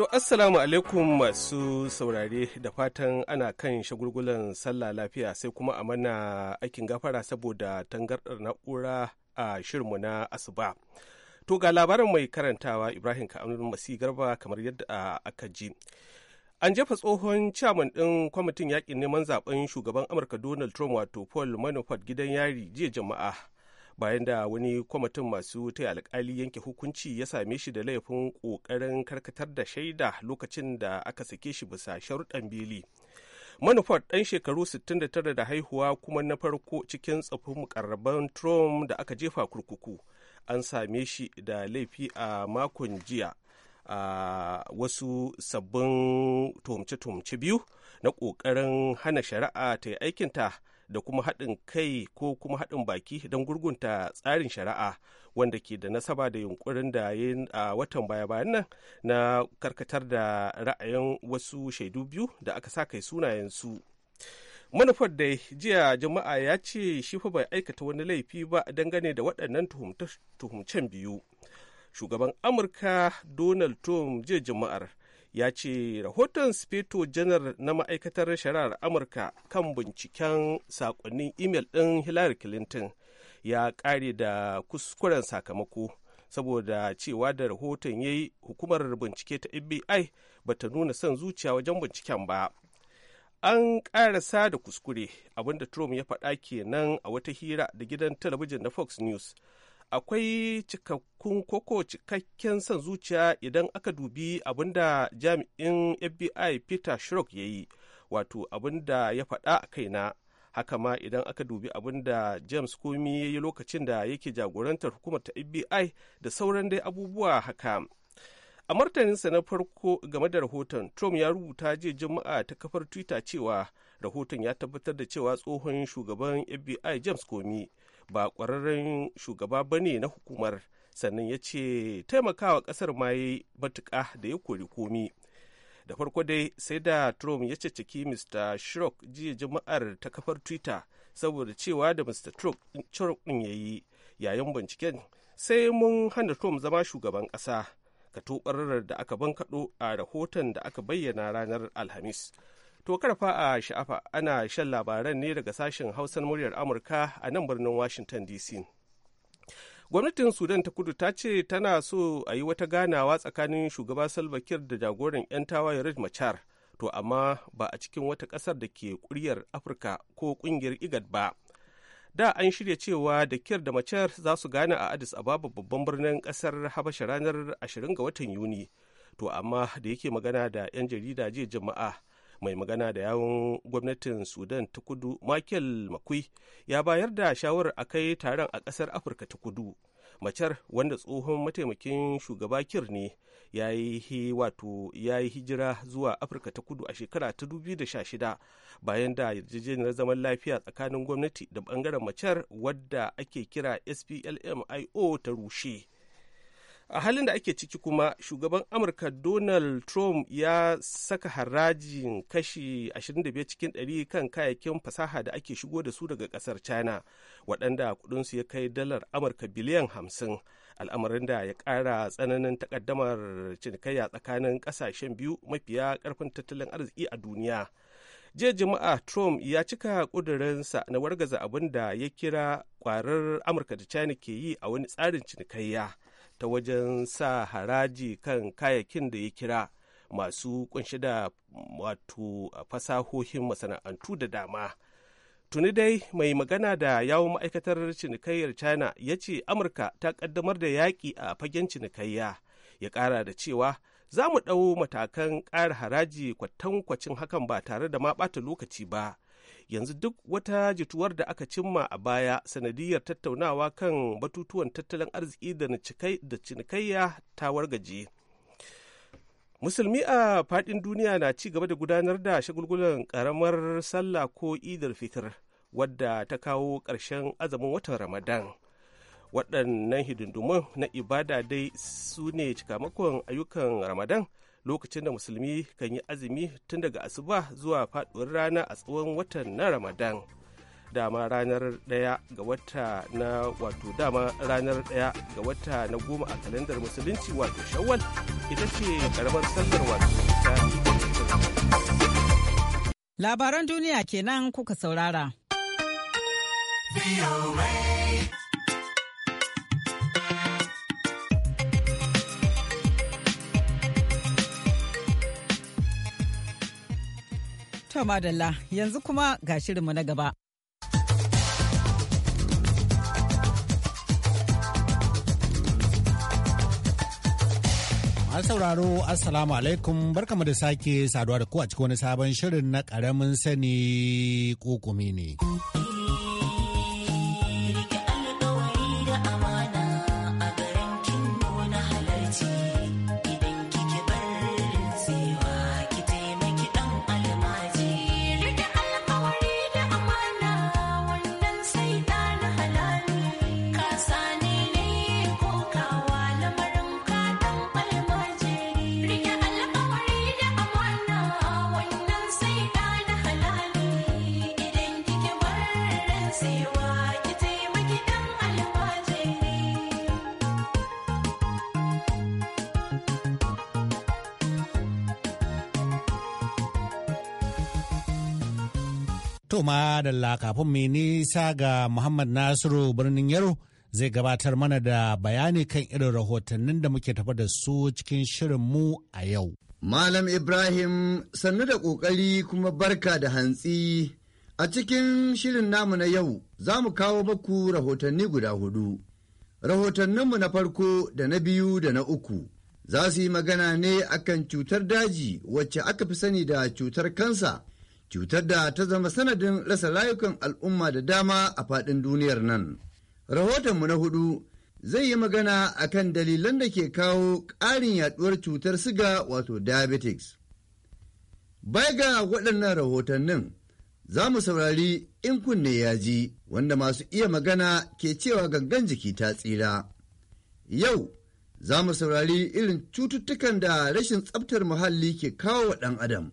To assalamu alaikum masu saurare da fatan ana kan shagulgulan sallah lafiya sai kuma a mana aikin gafara saboda tangardar na'ura a shirinmu na asuba. To ga labarin mai karantawa Ibrahim Ka'amun Masi Garba kamar yadda aka ji. An jefa tsohon chairman ɗin kwamitin yaƙin neman zaben shugaban Amurka Donald Trump wato Paul Manafort gidan yari jiya jama'a bayan da wani kwamitin masu taya alkali yanke hukunci ya same shi da laifin ƙoƙarin karkatar da shaida lokacin da aka sake shi bisa sharuɗan bili manufar ɗan shekaru 69 da haihuwa kuma na farko cikin tsafin mukarraban trump da aka jefa kurkuku an same shi da laifi a makon jiya a wasu sabbin tuhumce-tuhumce biyu na ƙoƙarin hana shari'a ta yi aikinta da kuma haɗin kai ko kuma haɗin baki don gurgunta tsarin shari'a wanda ke da nasaba da yunkurin da ya yi a watan baya-bayan nan na karkatar da ra'ayin wasu shaidu biyu da aka sa kai sunayensu manufar da jiya jama'a ya ce shi fa bai aikata wani laifi ba dangane da waɗannan tuhumcen biyu shugaban amurka donald trump jiya jama'ar ya ce rahoton spito janar na ma'aikatar shari'ar amurka kan binciken sakonnin imel ɗin hillary clinton ya ƙare da kuskuren sakamako saboda cewa da rahoton ya yi hukumar bincike ta fbi ba ta nuna son zuciya wajen binciken ba an ƙarasa da kuskure abinda trump ya faɗa kenan a wata hira da gidan talabijin na fox news akwai cikakkun koko cikakken son zuciya idan aka dubi abinda jami'in fbi peter shrock ya yi wato abinda ya faɗa a kaina haka ma idan aka dubi abinda james komi ya yi lokacin da yake jagorantar hukumar ta fbi da sauran dai abubuwa haka a martaninsa na farko game da rahoton trump ya rubuta jiya juma'a ta kafar twitter cewa rahoton ya tabbatar da cewa tsohon shugaban fbi james komi ba ƙwararren shugaba ba ne na hukumar sannan ya ce taimakawa ƙasar ma ya matuƙa da ya kori komi da farko dai sai da trump ya ceceki mr shrock jiya juma'ar ta kafar twitter saboda cewa da mr trump ɗin ya yi yayin binciken sai mun hana trump zama shugaban ƙasa ka da aka bankaɗo a rahoton da aka bayyana ranar alhamis To karfa a sha'afa ana shan labaran ne daga sashen hausan muryar Amurka a nan birnin Washington DC. Gwamnatin Sudan ta kudu ta ce tana so a yi wata ganawa tsakanin shugaba Salva Kiir da jagoran 'yan tawaye Riek Machar, to amma ba a cikin wata ƙasar da ke kuryar Afirka ko ƙungiyar IGAD ba. Da an shirya cewa da Kiir da Machar za su gane a Addis Ababa babban birnin ƙasar Habasha ranar 20 ga watan Yuni, to amma da yake magana da 'yan jarida jiya jama'a. mai magana da yawun gwamnatin sudan ta kudu michael makui ya bayar da shawarar a kai taron a ƙasar afirka ta kudu macar wanda tsohon mataimakin shugaba kir ne ya yi wato ya yi hijira zuwa afirka ta kudu a shekara ta 2016 bayan da yarjejeniyar zaman lafiya tsakanin gwamnati da bangaren macar wadda ake kira splmio ta rushe a halin da ake ciki kuma shugaban amurka donald trump ya saka harajin kashi 25 cikin 100 kan kayayyakin fasaha da ake shigo da su daga kasar china waɗanda kudinsu ya kai dalar amurka biliyan 50 al'amarin da ya ƙara tsananin takaddamar cinikayya tsakanin ƙasashen biyu mafiya karfin tattalin arziki a duniya jiya jama'a trump ya cika ƙudurinsa na wargaza abin da ya kira kwarar amurka da china ke yi a wani tsarin cinikayya ta wajen sa haraji kan kayakin da ya kira masu kunshi da wato fasahohin masana'antu da dama tuni dai mai magana da yawon ma'aikatar cinikayyar china ya ce amurka ta kaddamar da yaƙi a fagen cinikayya ya ƙara da cewa za mu ɗau matakan ƙara haraji kwatankwacin hakan ba tare da ma ɓata lokaci ba yanzu duk wata jituwar da aka cimma a baya sanadiyar tattaunawa kan batutuwan tattalin arziki da cinikayya ta wargaje musulmi a fadin duniya na ci gaba da gudanar da shagulgulan karamar sallah ko idar fitar wadda ta kawo ƙarshen azumin watan ramadan waɗannan hidindumin na ibada dai su ne cikamakon ayyukan ramadan lokacin da musulmi kan yi azumi tun daga asuba zuwa faɗuwar rana a tsawon watan na ramadan dama ranar daya ga wata na wato dama ranar daya ga wata na goma a kalandar musulunci wato shawwal ita ce karamar sallar wato ta labaran duniya kenan kuka saurara. Aisha madalla yanzu kuma ga shirinmu na gaba. Masu sauraro Assalamu alaikum barkamu da sake saduwa da ku a cikin wani sabon shirin na ƙaramin sani kokumi ne. To ma da kafin mai nisa ga Muhammad Nasiru birnin Yaro zai gabatar mana da bayani kan irin rahotannin da muke tafa da su cikin mu a yau. Malam Ibrahim sannu da ƙoƙari kuma barka da hantsi a cikin shirin namu na yau za mu kawo maku rahotanni guda hudu. Rahotanninmu na farko da na biyu da na uku za su yi magana ne akan cutar daji wacce aka fi sani da cutar kansa cutar da ta zama sanadin rasa rayukan al'umma da dama a faɗin duniyar nan. Rahotonmu na hudu zai yi magana a kan dalilan da ke kawo ƙarin yaɗuwar cutar siga wato diabetics. Bai ga waɗannan rahotannin za mu saurari in kunne ya ji wanda masu iya magana ke cewa gangan jiki ta tsira. Yau za mu saurari irin cututtukan da rashin tsabtar muhalli ke kawo wa ɗan adam.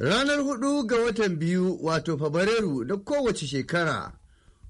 Ranar hudu ga watan biyu wato Fabrairu na kowace shekara,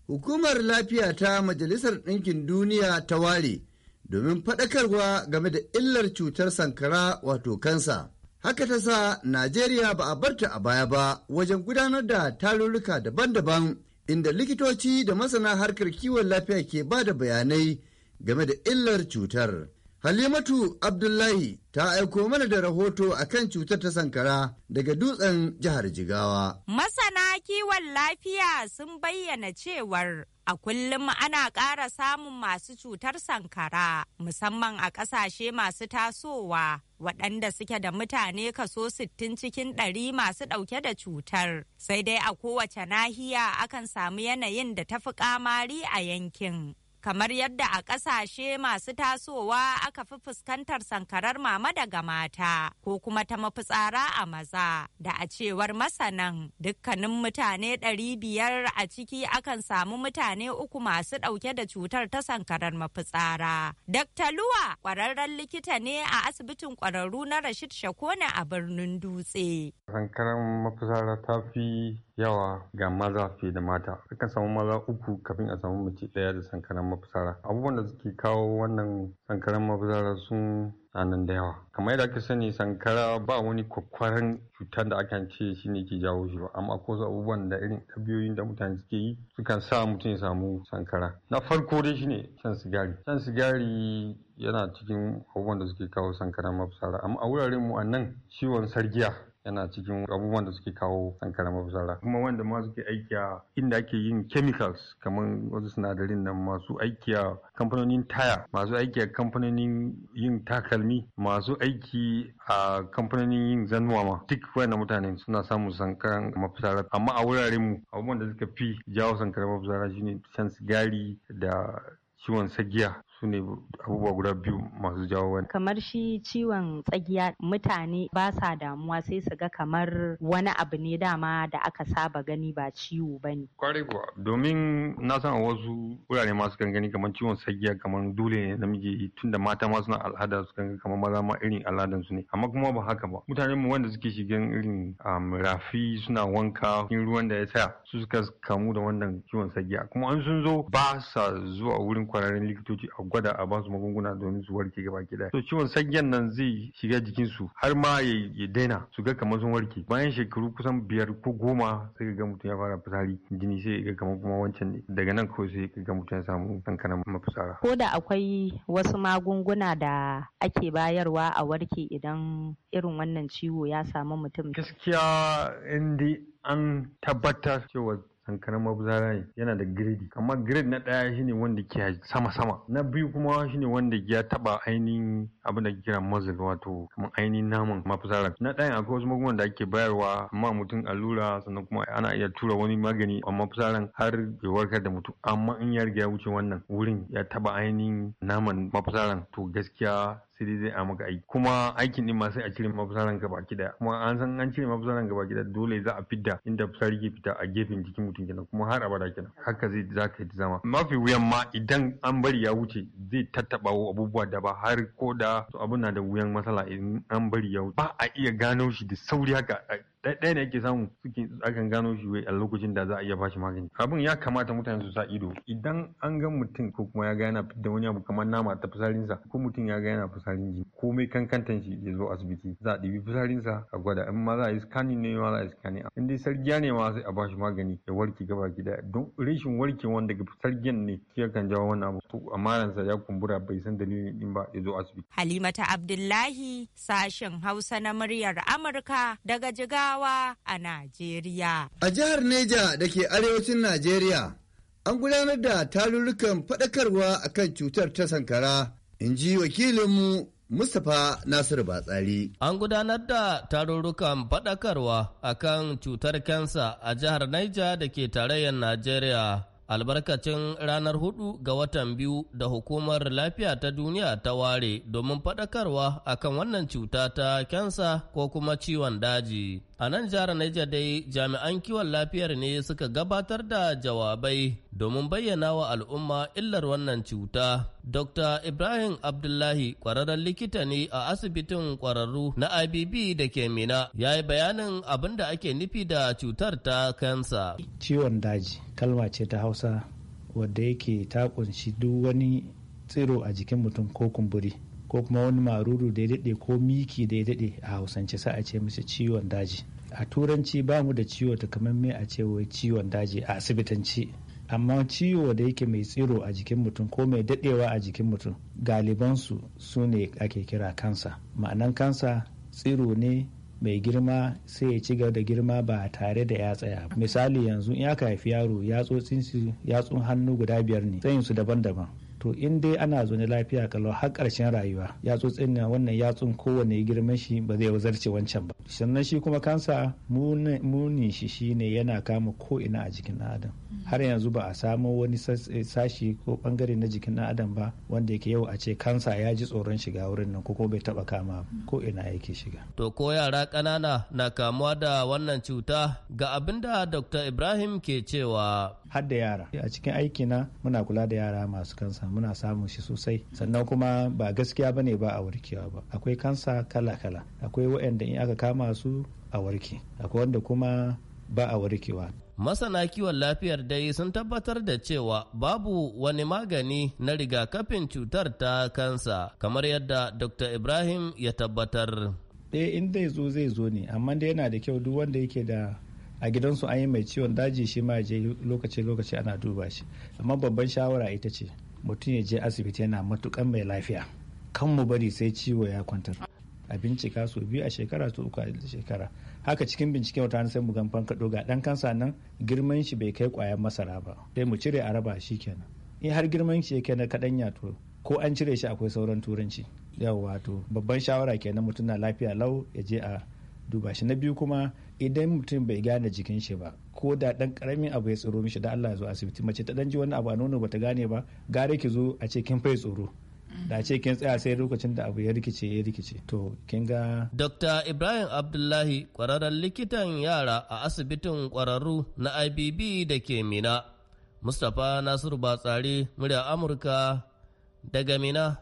Hukumar Lafiya ta Majalisar Ɗinkin Duniya ta ware domin faɗakarwa game da illar cutar sankara wato kansa. Haka ta sa Najeriya ba a barta a baya ba wajen gudanar da tarurruka daban-daban inda likitoci da masana harkar kiwon lafiya ke ba da bayanai game da illar cutar. Halimatu Abdullahi ta aiko mana da rahoto a kan cutar ta sankara daga dutsen jihar Jigawa. Masana kiwon lafiya sun bayyana cewar a kullum ana ƙara samun masu cutar sankara musamman a ƙasashe masu tasowa waɗanda suke da mutane kaso 60 cikin ɗari masu ɗauke da cutar sai dai a kowace nahiya akan samu yanayin da tafi kamari a yankin. kamar yadda a ƙasashe masu tasowa aka fi fuskantar sankarar mama daga mata ko kuma ta mafitsara a maza da a cewar masanan dukkanin mutane ɗari biyar a ciki akan samu mutane uku masu ɗauke da cutar ta sankarar mafitsara. Dr. Luwa ƙwararren likita ne a asibitin ƙwararru na Rashid Shakone a birnin Dutse. Sankarar mafitsara ta fi yawa ga maza fiye da mata. Akan samu maza uku kafin a samu mace ɗaya da sankarar mafitsara abubuwan da suke kawo wannan sankaran mafitsara sun nan da yawa kamar yadda aka sani sankara ba wani kwakwaran cutar da aka ce shi ne ke jawo shi ba amma ko abubuwan da irin ɗabiyoyin da mutane suke yi sukan sa mutum ya samu sankara na farko dai shine shan sigari shan sigari yana cikin abubuwan da suke kawo sankaran mafitsara amma a wuraren mu a nan ciwon sargiya yana cikin abubuwan da suke kawo sankaran zara. kuma wanda ma suke aiki a inda ake yin chemicals kamar wasu sinadarin nan masu aiki a kamfanonin taya masu aiki a kamfanonin yin takalmi masu aiki a kamfanonin yin zanuwa ma duk wayannan mutane suna samun sankaran mafitsara amma a wuraren mu abubuwan da suka fi jawo sankaran mafitsara shine shan sigari da ciwon sagiya su ne abubuwa guda biyu masu jawo wani. Kamar shi ciwon tsagiya mutane ba sa damuwa sai su ga kamar wani abu ne dama da aka saba gani ba ciwo ba ne. Kwarai kuwa domin na san a wasu wurare masu gangani gani kamar ciwon tsagiya kamar dole ne namiji tun da mata ma suna al'ada su kan kamar maza ma irin al'adan su ne amma kuma ba haka ba. Mutanen mu wanda suke shigan irin rafi suna wanka in ruwan da ya tsaya su suka kamu da wannan ciwon tsagiya kuma an sun zo ba sa zuwa wurin kwararren likitoci a gwada a basu magunguna domin su warke gaba ki daya to ciwon sanyan nan zai shiga jikinsu har ma ya daina su ga kamar sun warke bayan shekaru kusan biyar ko goma sai ga mutum ya fara fitsari jini sai ga kamar kuma wancan ne daga nan kawai sai ga mutum ya samu kankana mafitsara ko da akwai wasu magunguna da ake bayarwa a warke idan irin wannan ciwo ya samu mutum gaskiya in an tabbatar cewa An karamar zara ne yana da grade kamar grade na daya shine wanda ke sama sama na biyu kuma shine wanda ya taba ainihin abin da kira muzzle wato kamar ainihin naman mafitsarar na ɗayan akwai wasu magungunan da ake bayarwa amma mutum allura sannan kuma ana iya tura wani magani a mafitsarar har ya warkar da mutum amma in ya riga ya wuce wannan wurin ya taba ainihin naman mafitsarar to gaskiya sai dai zai a maka aiki kuma aikin din ma sai a cire mafitsaran gaba ki daya kuma an san an cire mafitsaran gaba daya dole za a fidda inda fitsari ke fita a gefen jikin mutum kenan kuma har abada kenan haka zai za ka yi zama mafi wuyan ma idan an bari ya wuce zai tattaba abubuwa da ba har ko da abun na da wuyan matsala in an bari ya wuce ba a iya gano shi da sauri haka ɗaya ne yake samu suke akan gano shi a lokacin da za a iya bashi magani abin ya kamata mutane su sa ido idan an ga mutum ko kuma ya ga yana da wani abu kamar nama ta fisarinsa ko mutum ya ga yana fisarin jini komai kankantan shi ya zo asibiti za a ɗibi sa a gwada in ma za a yi scanning ne ma za a yi scanning in dai sargiya ne ma sai a bashi magani ya warke gaba gida don rashin warkewan daga sargiyan ne ya kan jawo wani abu to sa ya kumbura bai san dalilin din ba ya zo asibiti halimata abdullahi sashen hausa na muryar amurka daga jiga talakawa a Najeriya. A jihar Neja da ke arewacin Najeriya, an gudanar da tarurrukan faɗakarwa kan cutar ta sankara, in ji wakilinmu Mustapha Nasiru Batsari. An gudanar da tarurrukan faɗakarwa kan cutar kansa a jihar Niger da ke tarayyar Najeriya. Albarkacin ranar hudu ga watan biyu da hukumar lafiya ta duniya ta ware domin faɗakarwa akan wannan cuta ta kansa ko kuma ciwon daji. A nan jihar Niger dai jami'an kiwon lafiyar ne suka gabatar da jawabai domin bayyana wa al'umma illar wannan cuta. Dr. Ibrahim Abdullahi kwararren likita ne a asibitin kwararru na IBB da ke Mina ya yi bayanin abin da ake nufi da cutar ta kansa. Ciwon daji kalma ce ta Hausa wadda yake ta kunshi duk wani tsiro a jikin mutum ko kumburi. ko kuma wani maruru da ya daɗe ko miki da ya daɗe a hausance sai a ce mishi ciwon daji a turanci ba mu da ciwo takamaimai a ce wai ciwon daji a asibitanci amma ciwo da yake mai tsiro a jikin mutum ko mai daɗewa a jikin mutum galibansu su ne ake kira kansa ma'anan kansa tsiro ne mai girma sai ya ci gaba da girma ba tare da ya tsaya misali yanzu in aka haifi yaro yatsotsin yatsun hannu guda biyar ne tsayin su daban-daban to in dai ana zaune lafiya kalau har karshen rayuwa ya tsotsin na wannan yatsun kowane girman shi ba zai zarce wancan ba sannan shi kuma kansa munin shi ne yana kama ko ina a jikin adam har yanzu ba a samu wani eh, sashi ko bangare na jikin ɗan adam ba wanda yake yau a ce kansa ya ji tsoron shiga wurin nan ko bai taba kama ko ina yake shiga to ko yara kanana na kamuwa da wannan cuta ga abinda dr ibrahim ke cewa har da yara a cikin aikina muna kula da yara masu kansa muna samun shi sosai sannan kuma ba gaskiya bane ba a warkewa ba akwai kansa kala-kala akwai waɗanda in aka kama su a warke akwai wanda kuma ba a warkewa masana kiwon lafiyar dai sun tabbatar da cewa babu wani magani na rigakafin cutar ta kansa kamar yadda dr ibrahim ya tabbatar ɗaya eh, in zai zo zai zo ne amma dai yana da kyau duk wanda yake da a gidansu an yi mai ciwon daji shi ma je lokaci lokaci ana duba shi amma babban shawara ita ce mutum ya je asibiti yana matukan mai lafiya kan mu bari sai ciwo ya kwantar a bincika su biyu a shekara su uku a shekara haka cikin binciken wata sai mu gan fanka ga ɗan kansa nan girman shi bai kai ƙwayar masara ba sai mu cire a raba shi kenan in har girman shi ya kai na kaɗan to ko an cire shi akwai sauran turanci yawa to babban shawara kenan mutum na lafiya lau ya je a duba shi na biyu kuma idan mutum bai gane jikin shi ba ko da dan karamin abu ya tsoro mishi da Allah ya zo asibiti mace ta dan ji wani abu a nono bata gane ba gare ki zo a ce kin fai tsoro da ce kin tsaya sai lokacin da abu ya rikice ya rikice to kin ga Dr. Ibrahim Abdullahi kwararren likitan yara a asibitin kwararru na IBB da ke Mina Mustapha Nasiru Batsari murya Amurka daga Mina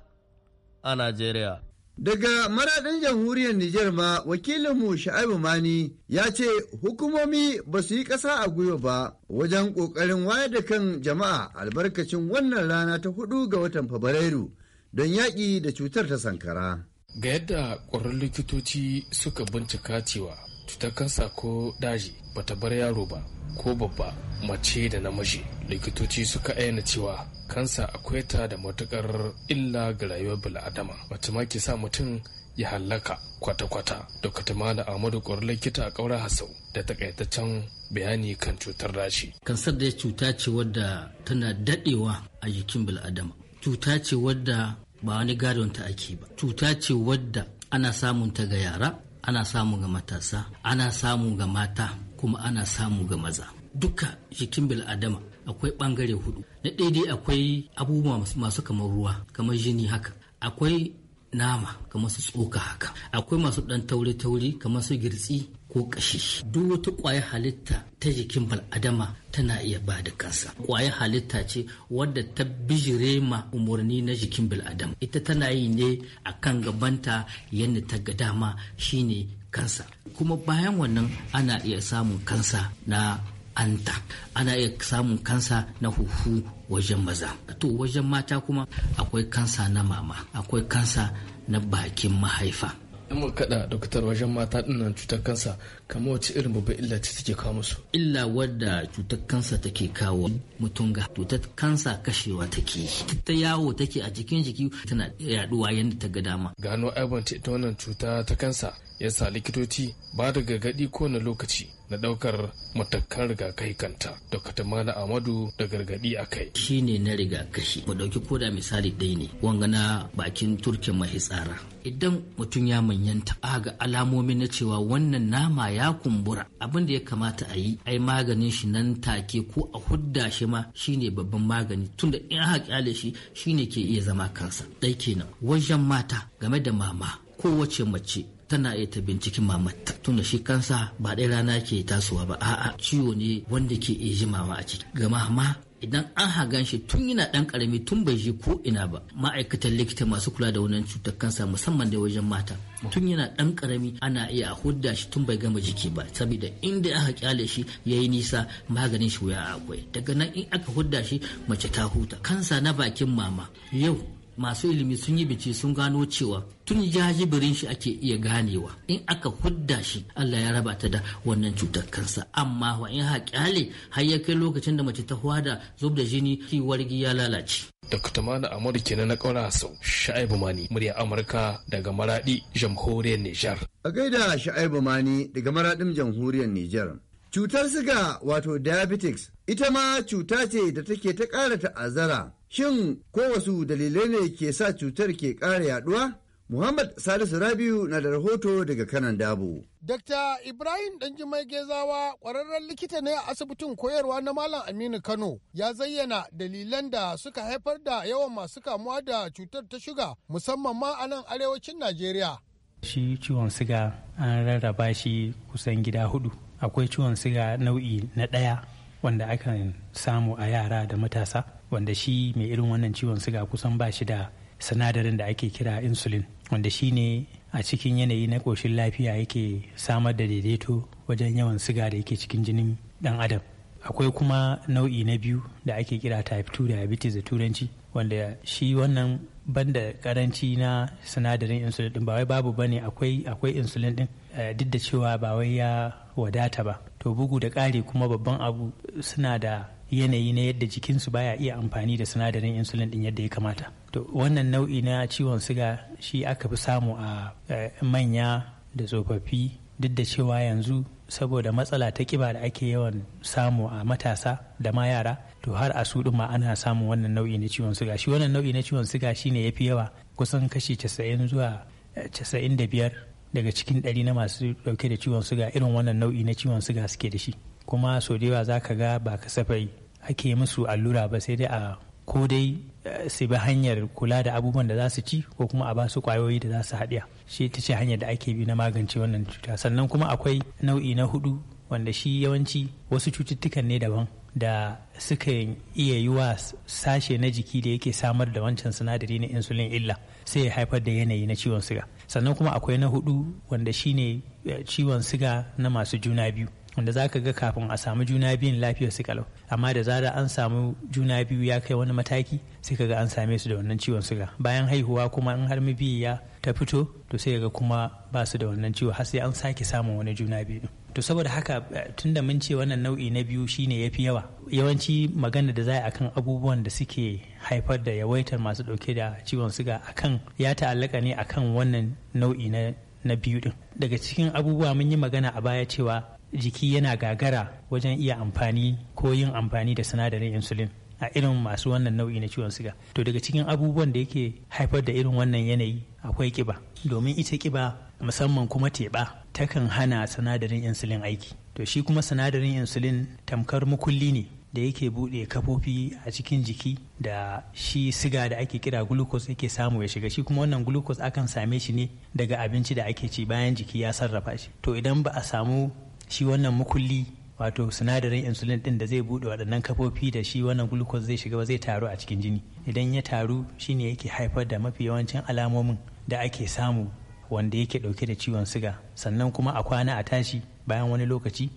a Najeriya Daga maradin jamhuriyar Nijar ma wakilinmu Sha'ibu Mani ya ce hukumomi ba su yi ƙasa a gwiwa ba wajen ƙoƙarin wayar da kan jama'a albarkacin wannan rana ta hudu ga watan Fabrairu don yaƙi da cutar ta sankara. Ga yadda ƙwararrun likitoci suka bincika cewa cutar kansa ko daji bata bar yaro ba ko babba mace da namiji likitoci suka ayyana cewa kansa akwai ta da matukar illa ga rayuwar bil'adama mace ma ke sa mutum ya hallaka kwata-kwata da mala amadu kwar likita a kaura hasau da takaitaccen bayani kan cutar rashi kansar da cuta ce wadda tana dadewa a jikin bil'adama cuta ce wadda ba wani gadon ta ake ba cuta ce wadda ana samun ta ga yara ana samu ga matasa ana samu ga mata kuma ana samu ga maza duka jikin bil'adama akwai bangare hudu na daidai akwai abubuwa masu kamar ruwa kamar jini haka akwai nama kamar su tsoka haka akwai masu ɗan tauri tauri kamar su girtsi ko kashi duk wata kwaya halitta ta jikin bal'adama tana iya ba da kansa kwaya halitta ce wadda ta bijire ma umarni na jikin bil'adama ita tana yi ne a kan gabanta yadda ta ga dama shine kansa kuma bayan wannan ana iya samun kansa na anta ana iya samun kansa na huhu wajen maza to wajen mata kuma akwai kansa na mama akwai kansa na bakin mahaifa in mun kada doktor wajen mata dinnan cutar kansa kamar wace irin babban illa ce take kawo musu illa wadda cutar kansa take kawo mutum ga cutar kansa kashewa take yi. ta yawo take a jikin jiki tana yaduwa yadda ta ga dama gano aibanta ita wannan cuta ta kansa yasa likitoci ba da gargadi kowane lokaci na ɗaukar matakan rigakai kanta. Dr. Mana Amadu da gargadi a kai. Shi ne na rigakafi. Mu ɗauki koda misali ɗaya ne. Wanga na bakin mai mahitsara. Idan mutum ya manyanta a ga alamomi na cewa wannan nama ya kumbura abin da ya kamata a yi ai maganin shi nan take ko a hudda shi ma shine babban magani tunda in aka kyale shi shine ke iya zama kansa ɗai kenan wajen mata game da mama kowace mace tana iya ta binciki mamata tunda shi kansa ba ɗaya rana ke tasowa ba a'a ciwo ne wanda ke iya jimawa a ciki gama ma idan an hagan shi tun yana ɗan karami tun bai je ko ina ba ma'aikatan likita masu kula da wannan cutar kansa musamman da wajen mata tun yana ɗan karami ana iya a hudda shi tun bai gama jiki ba saboda inda aka kyale shi yi nisa maganin shi wuya akwai daga nan in aka hudda shi mace ta huta kansa na bakin mama yau masu ilimi sun yi bice sun gano cewa tun jajibirin shi ake iya ganewa in aka hudda shi Allah ya raba ta da wannan cutar kansa amma wa in haƙyale har ya kai lokacin da mace ta hwada zub da jini ki wargi ya lalace Dr. Mana Amadu kenan na ƙaura sau Sha'ibu Mani murya Amurka daga Maraɗi jamhuriyar Nijar. A gaida Sha'ibu Mani daga Maraɗin jamhuriyar Nijar. Cutar siga wato diabetics ita ma cuta ce da take ta ƙara ta'azzara Shin ko wasu dalilai ne ke sa cutar ke ƙara yaduwa? Muhammad Salisu Rabiu na da rahoto daga kanan dabu Dr. Ibrahim Danjimai Gezawa ƙwararren likita ne a asibitin koyarwa na Malam Aminu Kano ya zayyana dalilan da suka haifar da yawan masu kamuwa da cutar ta shuga musamman ma a nan arewacin Najeriya. Shi ciwon siga an rarraba shi kusan gida hudu. Akwai ciwon siga nau'i na ɗaya wanda akan samu a yara da matasa. wanda shi mai irin wannan ciwon suga kusan ba shi da sinadarin da ake kira insulin wanda shi ne a cikin yanayi na ƙoshin lafiya yake samar da daidaito wajen yawan siga da yake cikin jinin ɗan adam akwai kuma nau'i na biyu da ake kira type 2 diabetes da turanci wanda shi wannan banda karanci na sinadarin insulin din ba wai babu bane akwai akwai insulin din eh, duk da cewa ba wai ya wadata ba to bugu da ƙari kuma babban abu suna da yanayi na yadda jikinsu baya iya amfani da sinadarin insulin din yadda ya kamata to wannan nau'i na ciwon siga shi aka fi samu a eh, manya da tsofaffi duk da cewa yanzu saboda matsala ta kiba da ake yawan samu a matasa da ma yara to har a su ma ana samun wannan nau'i na ciwon siga shi wannan nau'i na ciwon siga shine yafi yawa kusan kashi 90 zuwa eh, biyar daga cikin ɗari na masu dauke da ciwon siga irin wannan nau'i na ciwon siga suke da shi kuma so da yawa za ka ga ba kasafai ake musu allura ba sai dai a ko dai eh, su bi hanyar kula da abubuwan da za su ci ko kuma a ba su kwayoyi da za su haɗiya shi ta ce hanyar da ake bi na magance wannan cuta sannan kuma akwai nau'i na hudu wanda shi yawanci wasu cututtukan ne daban da suka iya yi wa sashe na jiki da yake samar da wancan sinadari na insulin illa sai ya haifar da yanayi na ciwon siga sannan kuma akwai na hudu wanda shine eh, ciwon siga na masu juna biyu wanda za ka ga kafin a samu juna biyun lafiyar su kalau amma da zara an samu juna biyu ya kai wani mataki sai ka ga an same su da wannan ciwon suga bayan haihuwa kuma in har mabiyi ya ta fito to sai ga kuma ba su da wannan ciwo har sai an sake samun wani juna biyu to saboda haka eh, tunda mun ce wannan nau'i na biyu shine yafi yawa yawanci magana da za a kan abubuwan da suke haifar da yawaitar masu dauke da ciwon suga akan ya ta'allaka ne akan wannan nau'i na na biyu din daga cikin abubuwa mun yi magana a baya cewa jiki yana gagara wajen iya amfani ko yin amfani da sinadarin insulin a irin masu wannan nau'i na ciwon siga to daga cikin abubuwan da yake haifar da irin wannan yanayi akwai kiba domin ita kiba musamman kuma teɓa takan hana sinadarin insulin aiki to shi kuma sinadarin insulin tamkar mukulli ne da yake buɗe kafofi a cikin jiki da shi siga da ake kira glucose yake samu ya shiga shi kuma wannan glucose akan same shi ne daga abinci da ake ci bayan jiki ya sarrafa shi to idan ba a samu shi wannan mukulli wato sinadarin insulin din da zai bude waɗannan kafofi da shi wannan glucose zai shiga ba zai taru a cikin jini idan ya taru shine yake haifar da mafi yawancin alamomin da ake samu wanda yake ɗauke da ciwon siga sannan kuma a kwana a tashi bayan wani lokaci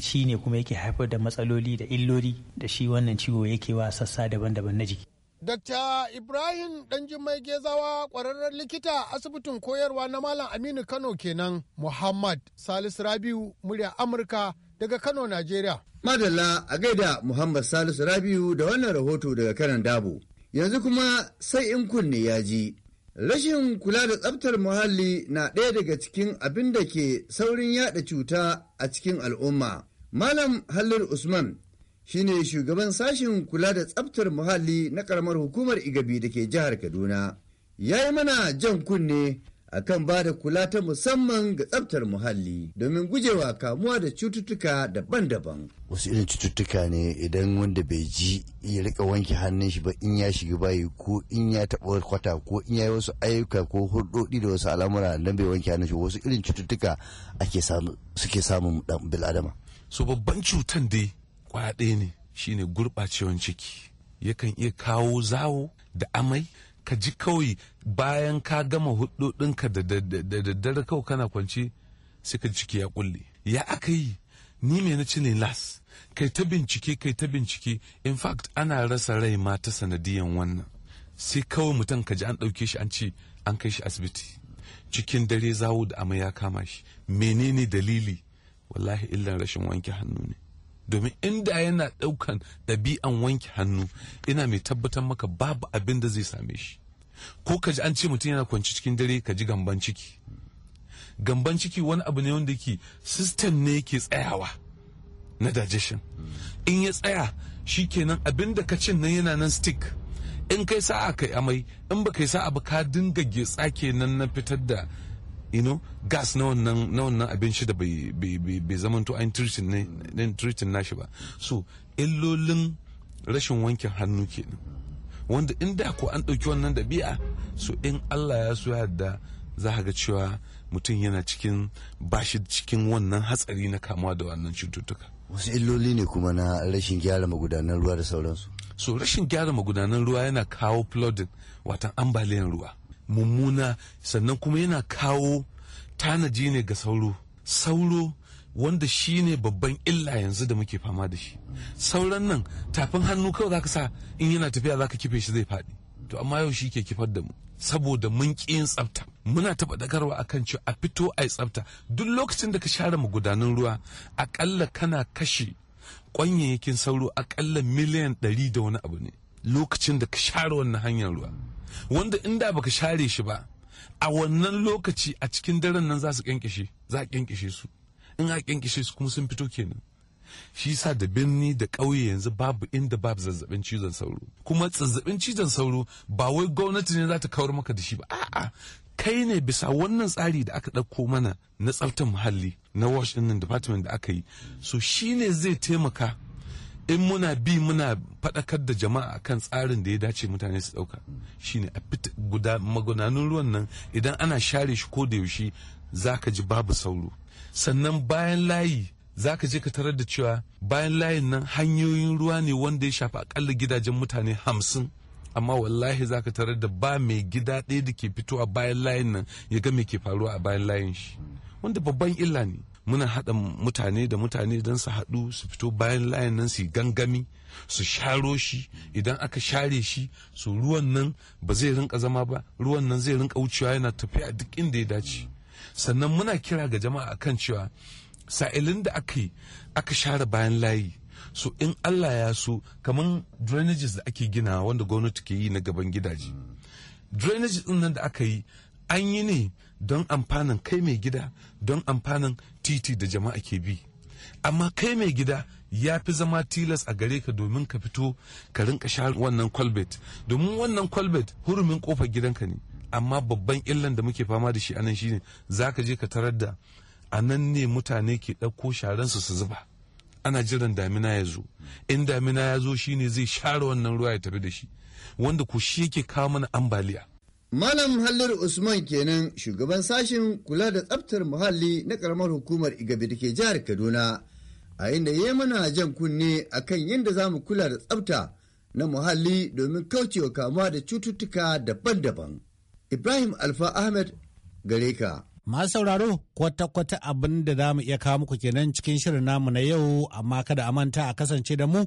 shi ne kuma yake haifar da matsaloli da illoli da shi wannan ciwo yake wa sassa daban-daban na jiki Dr. Ibrahim Danjimai Gezawa kwararren likita asibitin koyarwa na Malam Aminu Kano kenan Muhammad Salisu Rabiu murya Amurka daga Kano, Najeriya. Madalla a gaida Muhammad Salisu Rabiu da wannan rahoto daga kanan dabu, Yanzu kuma sai in kunne ya ji. Rashin kula da tsabtar muhalli na ɗaya daga cikin abin da ke saurin yaɗa cuta a cikin al'umma. Malam Halil Usman shine shugaban sashen kula da tsabtar muhalli na karamar hukumar Igabi da ke jihar Kaduna. Ya yi mana jan kunne a kan ba da kula ta musamman ga tsabtar muhalli domin gujewa kamuwa da cututtuka daban-daban. Wasu irin cututtuka ne idan wanda bai ji ya rika wanke hannun shi ba in ya shiga bayi ko in ya taɓa kwata ko in ya yi wasu ayyuka ko hulɗoɗi da wasu al'amura dan bai wanke hannun shi wasu irin cututtuka suke samun bil'adama. su babban cutan dai kwaɗe ne shine gurɓacewan ciki yakan iya kawo zawo da amai ka ji kawai bayan ka gama hudodinka da daddare kawai kana kwanci sai ka ciki ya kulle ya aka yi ni me na ci ne las kai ta bincike kai ta bincike in fact ana rasa rai ma ta sanadiyan wannan sai kawai mutum ka ji an ɗauke shi an ce an kai shi asibiti cikin dare zawo da amai ya kama shi menene dalili wallahi illan rashin wanke hannu ne domin inda yana ɗaukan ɗabi'an wanke hannu ina mai tabbatar maka babu abin da zai same shi ko ka ji an ce mutum yana kwanci cikin dare ka ji gamban ciki gamban ciki wani abu ne wanda ke system ne yake tsayawa na digestion in ya tsaya shi kenan abin da ka cin nan yana nan stick in kai sa'a kai amai in ba kai sa'a ba ka dinga getsa kenan na fitar da you know gas na wannan na abin shi da bai bai to an treating ne nashi ba so illolin rashin wankin hannu kenan wanda inda ko an ɗauki wannan dabi'a so in Allah ya so yadda za ga cewa mutum yana cikin bashi cikin wannan hatsari na kamuwa da wannan cututtuka. Wasu illoli ne kuma na rashin gyara magudanan ruwa da sauransu. So rashin gyara magudanan ruwa yana kawo flooding watan ambaliyan ruwa. mummuna sannan kuma yana kawo tanaji ne ga sauro sauro wanda shi ne babban illa yanzu da muke fama da shi sauran nan tafin hannu kawai zaka sa in yana tafiya zaka kife shi zai faɗi to amma yau shi ke kifar da mu saboda mun ƙi yin tsafta muna taɓa dagarwa akan cewa a fito a yi tsafta duk lokacin da ka share magudanan ruwa aƙalla kana kashe ƙwanyayyakin sauro aƙalla miliyan ɗari da wani abu ne lokacin da ka share wannan hanyar ruwa wanda inda baka share shi ba a wannan lokaci a cikin daren nan za su kyankyashe za a kyankyashe su in a kyankyashe su kuma sun fito kenan shi sa da birni da ƙauye yanzu babu inda babu zazzabin cizon sauro kuma zazzabin cizon sauro ba wai gwamnati ne za ta kawar maka da shi ba a'a kai ne bisa wannan tsari da aka ɗauko mana na tsaftar muhalli na wash department da aka yi so shi ne zai taimaka in muna bi muna faɗakar da jama'a kan tsarin da ya dace mutane su ɗauka shine a fita guda magunanin ruwan nan idan ana share shi ko da yaushe za ka ji babu sauro sannan bayan layi za ka je ka tarar da cewa bayan layin nan hanyoyin ruwa ne wanda ya shafi akalla gidajen mutane hamsin amma wallahi za ka tarar da ba mai gida ɗaya da ke fitowa bayan layin nan ya ga me ke faruwa a bayan layin shi wanda babban illa ne muna haɗa mutane da mutane don su haɗu su fito bayan layin nan su gangami su sharo shi idan aka share shi su ruwan nan ba zai rinka zama ba ruwan nan zai rinka wucewa yana tafiya duk inda ya dace sannan muna kira ga jama'a akan cewa sa'ilin da aka share bayan layi so in allah ya so kamar drainages da ake gina wanda gwamnati ke yi na gaban gidaje drainage din nan da aka yi an yi ne don amfanin kai mai gida don amfanin titi da jama'a ke bi amma kai mai gida ya fi zama tilas a gare ka domin ka fito ka rinka sha wannan kwalbet domin wannan kwalbet hurumin kofar gidanka ne amma babban illan da muke fama da shi anan shine za ka je ka tarar da anan ne mutane ke ɗauko sharansu su zuba ana jiran damina ya zo in damina ya zo shine zai share wannan ruwa ya tafi da shi wanda ku shi yake kawo mana ambaliya Malam Halliru Usman kenan shugaban sashen kula da tsabtar muhalli na karamar hukumar Igabe da ke jihar Kaduna a inda ya mana jan kunne a kan yadda za mu kula da tsabta na muhalli domin kauce wa kamuwa da cututtuka daban-daban. Ibrahim Alfa Ahmed gare ka. Masu sauraro kwata-kwata abin da za mu iya kawo muku kenan cikin shirin namu na yau amma kada a manta a kasance da mu